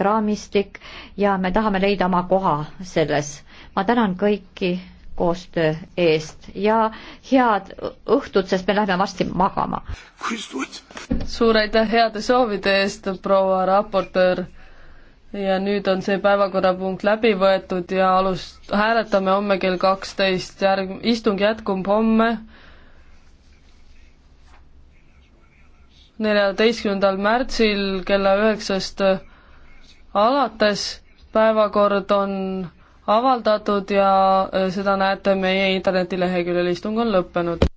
raamistik, raamistik ja me tahame leida oma koha selles. ma tänan kõiki koostöö eest ja head õhtut, sest me läheme varsti magama. suur aitäh heade soovide eest, proua raportöör. ja nüüd on see päevakorrapunkt läbi võetud ja alust-, hääletame homme kell kaksteist, järg-, istung jätkub homme neljateistkümnendal märtsil kella üheksast alates päevakord on avaldatud ja äh, seda näete meie internetileheküljel, istung on lõppenud.